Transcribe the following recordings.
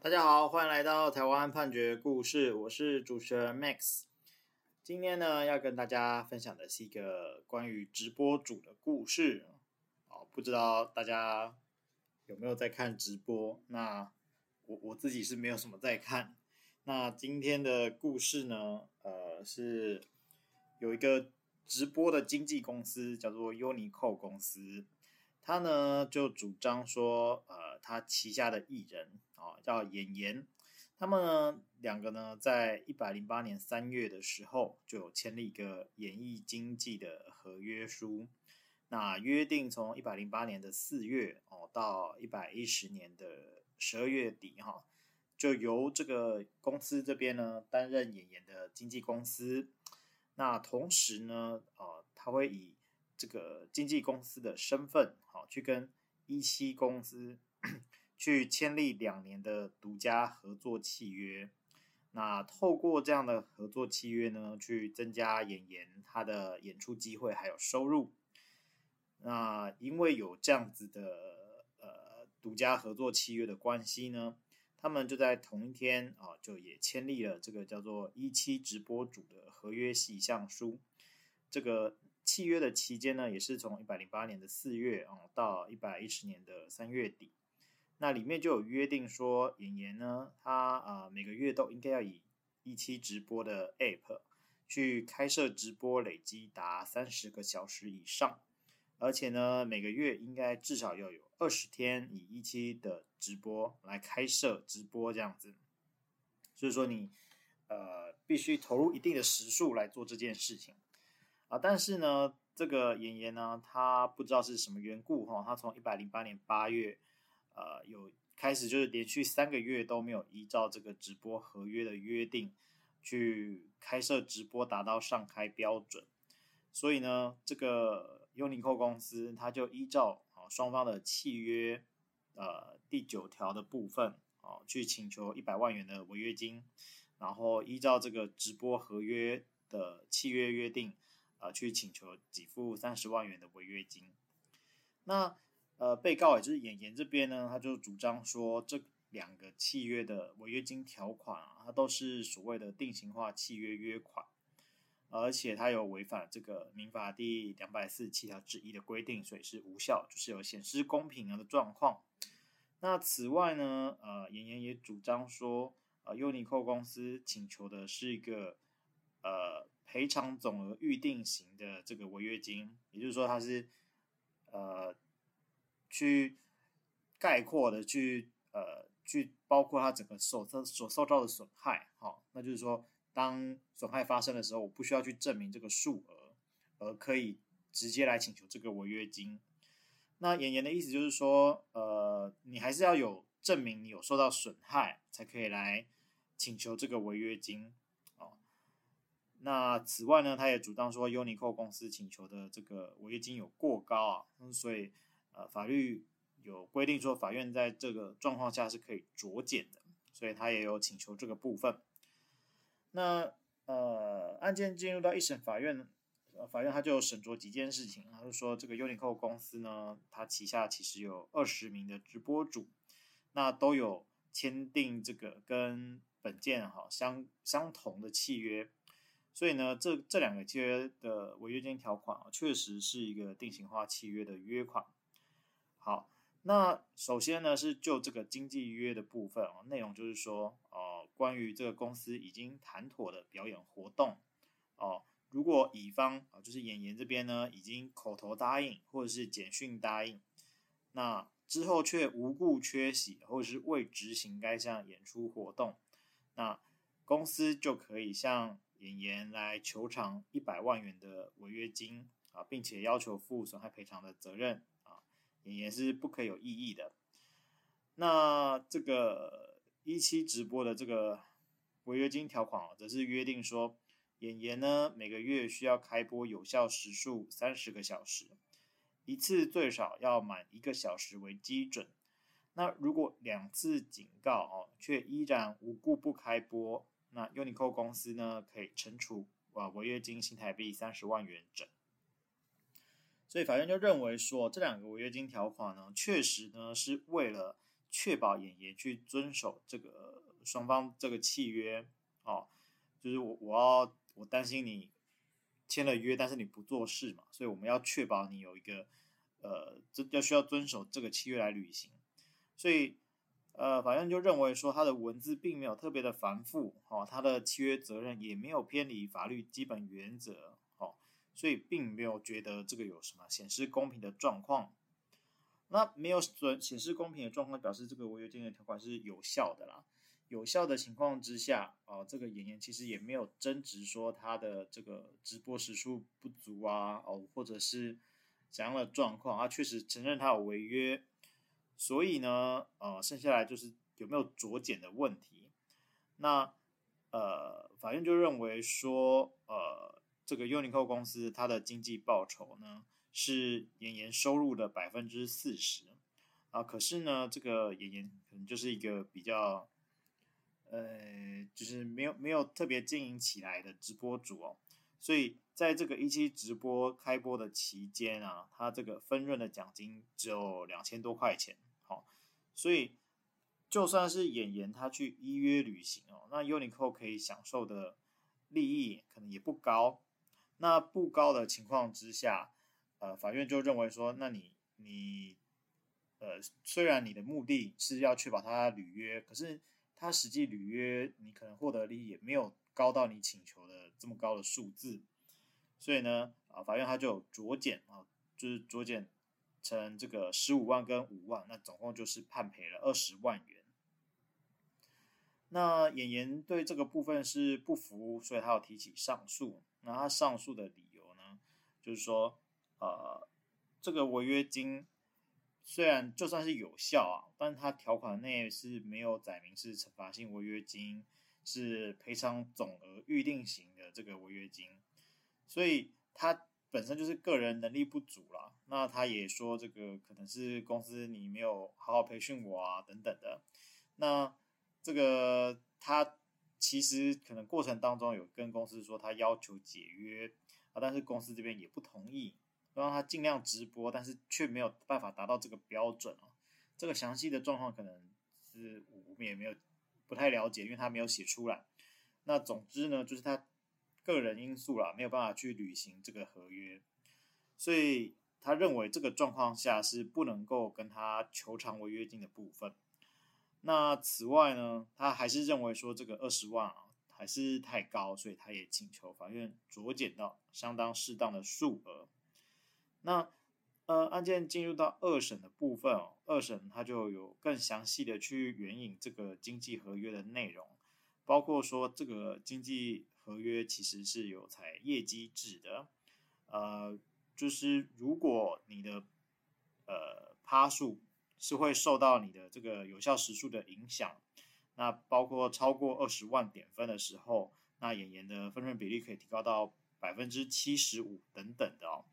大家好，歡迎來到台灣判決故事，我是主持人 Max。今天呢，要跟大家分享的是一個關於直播主的故事。啊，不知道大家有沒有在看直播？那我我自己是沒有什麼在看。那今天的故事呢，呃，是有一個直播的經紀公司，叫做優妮蔻公司。他呢就主張說，呃，他旗下的藝人啊、哦，叫妍妍，他們兩個呢，在一百零八年三月的時候，就有簽立一個演藝經紀的合約書，那約定從一百零八年的四月哦，到一百一十年的十二月底哈、哦，就由這個公司這邊呢擔任妍妍的經紀公司，那同時呢，呃他會以這個經紀公司的身份，好去跟17公司去簽立兩年的獨家合作契約。那透過這樣的合作契約呢，去增加妍妍他的演出機會還有收入。那因為有這樣子的呃獨家合作契約的關係呢，他們就在同一天啊、哦，就也簽立了這個叫做17直播主的合約細項書。這個。契約的期間呢，也是從一百零八年的四月啊、嗯、到一百一十年的三月底。那裡面就有約定說，妍妍呢，她啊、呃、每個月都應該要以17直播的 app 去開設直播，累積達三十個小時以上。而且呢，每個月應該至少要有二十天以17的直播來開設直播這樣子。所以說你，你呃必須投入一定的時數來做這件事情。啊，但是呢，這個妍妍呢，他不知道是什麼緣故哈，他從一百零八年八月，呃，有開始就是連續三個月都沒有依照這個直播合約的約定，去開設直播達到上開標準，所以呢，這個優妮蔻公司他就依照啊雙方的契約，呃第九條的部分啊，去請求一百萬元的違約金，然後依照這個直播合約的契約約定。啊、呃，去請求給付三十萬元的違約金。那呃，被告也就是妍妍這邊呢，他就主張說，這兩個契約的違約金條款啊，它都是所謂的定型化契約約款，而且它有違反這個民法第兩百四十七條之一的規定，所以是無效，就是有顯示公平的狀況。那此外呢，呃，妍妍也主張說，呃，優尼 o 公司請求的是一個呃。賠償總額預定型的這個違約金，也就是說他是，它是呃去概括的去呃去包括它整個所受所受到的損害，好，那就是說，當損害發生的時候，我不需要去證明這個數額，而可以直接來請求這個違約金。那妍妍的意思就是說，呃，你還是要有證明你有受到損害，才可以來請求這個違約金。那此外呢，他也主張說優妮蔻公司請求的這個違約金有過高啊，所以呃，法律有規定說，法院在這個狀況下是可以酌減的，所以他也有請求這個部分。那呃，案件進入到一審法院呢，法院他就審酌幾件事情，他就說，這個優妮蔻公司呢，他旗下其實有二十名的直播主，那都有簽訂這個跟本件哈相相同的契約。所以呢，這這兩個契約的違約金條款啊，確實是一個定型化契約的約款。好，那首先呢是就這個經紀約的部分啊，內容就是說，哦，呃，關於這個公司已經談妥的表演活動哦，呃，如果乙方啊，就是演員這邊呢，已經口頭答應或者是簡訊答應，那之後卻無故缺席或者是未執行該項演出活動，那公司就可以向妍妍來求償一百萬元的違約金啊，並且要求負損害賠償的責任啊，妍妍是不可以有異議的。那這個17直播的這個違約金條款，則是約定說，妍妍呢每個月需要開播有效時數三十個小時，一次最少要滿一個小時為基準。那如果兩次警告哦，卻依然無故不開播。那優妮蔻公司呢，可以懲處啊違約金新台幣三十萬元整。所以法院就認為說，這兩個違約金條款呢，確實呢是為了確保妍妍去遵守這個雙方這個契約哦，就是我我要我擔心你簽了約，但是你不做事嘛，所以我們要確保你有一個呃，這要需要遵守這個契約來履行，所以。呃，法院就認為說，他的文字並沒有特別的繁複哦，他的契約責任也沒有偏離法律基本原則哦，所以並沒有覺得這個有什麼顯失公平的狀況。那沒有損顯失公平的狀況，表示這個違約金的條款是有效的啦。有效的情況之下哦，這個妍妍其實也沒有爭執說他的這個直播時數不足啊哦，或者是怎樣的狀況，他確實承認他有違約。所以呢，呃，剩下來就是有沒有酌減的問題。那，呃，法院就認為說，呃，這個優妮蔻公司它的經濟報酬呢是妍妍收入的百分之四十，啊，可是呢，這個妍妍可能就是一個比較，呃，就是沒有沒有特別經營起來的直播主哦，所以。在這個17直播開播的期間啊，他這個分潤的獎金只有兩千多塊錢，好，所以就算是妍妍他去依約履行哦，那優妮蔻可以享受的利益可能也不高。那不高的情況之下，呃，法院就認為說，那你你呃，雖然你的目的是要確保他履約，可是他實際履約你可能獲得利益也沒有高到你請求的這麼高的數字。所以呢，啊，法院他就有酌減啊，就是酌減成這個十五萬跟五萬，那總共就是判賠了二十萬元。那妍妍對這個部分是不服，所以他要提起上訴。那他上訴的理由呢，就是說，呃，這個違約金雖然就算是有效啊，但是他條款內是沒有載明是懲罰性違約金，是賠償總額預定型的這個違約金。所以他本身就是個人能力不足啦，那他也說這個可能是公司你沒有好好培訓我啊等等的。那這個他其實可能過程當中有跟公司說他要求解約啊，但是公司這邊也不同意，讓他盡量直播，但是卻沒有辦法達到這個標準啊。這個詳細的狀況可能是我們也沒有不太了解，因為他沒有寫出來。那總之呢，就是他。個人因素啦，沒有辦法去履行這個合約，所以他認為這個狀況下是不能夠跟他求償違約金的部分。那此外呢，他還是認為說這個二十萬啊還是太高，所以他也請求法院酌減到相當適當的數額。那呃，案件進入到二審的部分哦，二審他就有更詳細的去援引這個經紀合約的內容，包括說這個經紀。合約其實是有採業績制的，呃，就是如果你的呃趴數是會受到你的這個有效時數的影響，那包括超過二十萬點分的時候，那妍妍的分潤比例可以提高到百分之七十五等等的哦，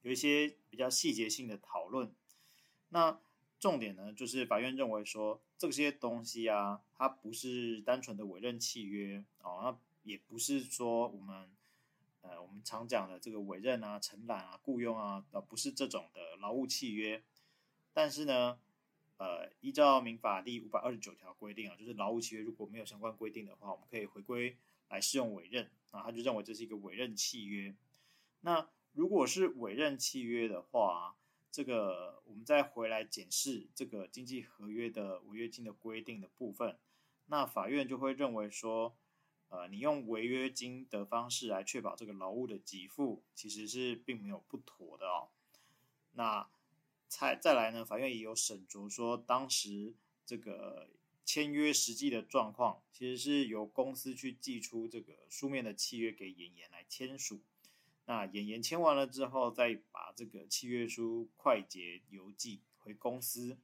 有一些比較細節性的討論。那重點呢，就是法院認為說這些東西啊，它不是單純的委任契約哦，那。也不是說我們呃，我們常講的這個委任啊、承攬啊、僱傭啊，呃，不是這種的勞務契約。但是呢，呃，依照民法第五百二十九條規定啊，就是勞務契約如果沒有相關規定的話，我們可以回歸來適用委任啊，他就認為這是一個委任契約。那如果是委任契約的話啊，這個我們再回來檢視這個經紀合約的違約金的規定的部分，那法院就會認為說。呃，你用違約金的方式來確保這個勞務的給付，其實是並沒有不妥的哦。那再再來呢，法院也有審酌說，當時這個簽約實際的狀況，其實是由公司去寄出這個書面的契約給妍妍來簽署。那妍妍簽完了之後，再把這個契約書快捷郵寄回公司，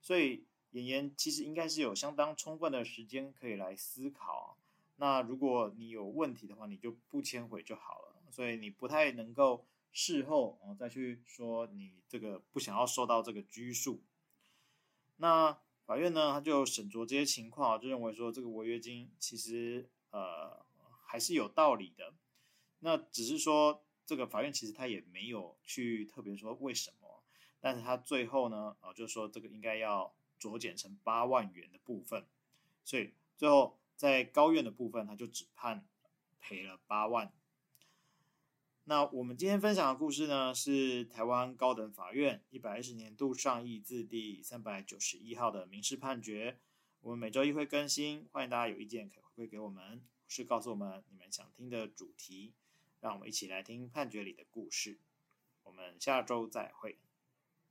所以妍妍其實應該是有相當充分的時間可以來思考哦。那如果你有問題的話，你就不簽回就好了。所以你不太能夠事後再去說你這個不想要受到這個拘束。那法院呢，他就審酌這些情況，就認為說這個違約金其實呃還是有道理的。那只是說這個法院其實他也沒有去特別說為什麼，但是他最後呢，哦就說這個應該要酌減成八萬元的部分。所以最後。在高院的部分，他就只判賠了八萬。那我們今天分享的故事呢，是台灣高等法院一百一十年度上易字第三百九十一號的民事判決。我們每周一會更新，歡迎大家有意見可以回饋給我們，或是告訴我們你們想聽的主題，讓我們一起來聽判決裡的故事。我們下周再會。